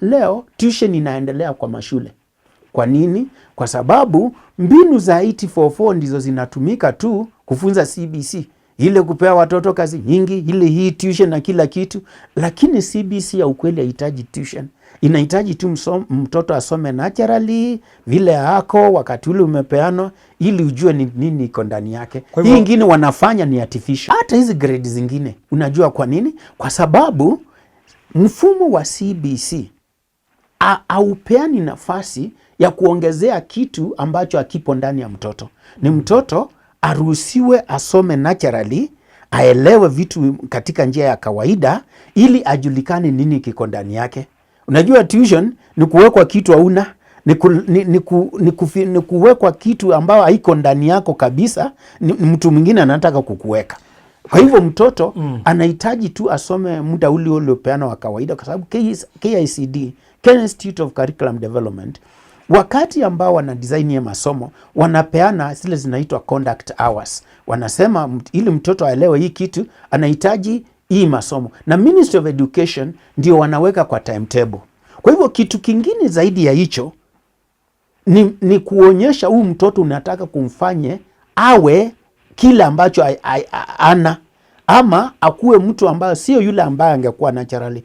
Leo tuition inaendelea kwa mashule. Kwa nini? Kwa sababu mbinu za 844 ndizo zinatumika tu kufunza CBC, ile kupea watoto kazi nyingi, ile hii tuition na kila kitu, lakini CBC ya ukweli haihitaji tuition. Inahitaji tu mtoto asome naturally vile yako wakati ule umepeanwa, ili ujue ni nini iko ndani yake. Hii ingine wanafanya ni artificial. Hata hizi grade zingine, unajua kwa nini? Kwa sababu mfumo wa CBC haupeani nafasi ya kuongezea kitu ambacho hakipo ndani ya mtoto. Ni mtoto aruhusiwe asome naturally, aelewe vitu katika njia ya kawaida, ili ajulikane nini kiko ndani yake. Unajua, tuition ni kuwekwa kitu hauna ni, ku, ni, ni, ku, ni, ku, ni kuwekwa kitu ambayo haiko ndani yako kabisa, ni mtu mwingine anataka kukuweka. Kwa hivyo mtoto mm. anahitaji tu asome muda ule uliopeana wa kawaida, kwa sababu KICD, Kenya Institute of Curriculum Development, wakati ambao wana design ya masomo wanapeana zile zinaitwa conduct hours. Wanasema ili mtoto aelewe hii kitu anahitaji hii masomo, na Ministry of Education ndio wanaweka kwa timetable. Kwa hivyo kitu kingine zaidi ya hicho ni, ni kuonyesha huyu mtoto unataka kumfanye awe kile ambacho ana ama akuwe mtu ambaye sio yule ambaye angekuwa naturally.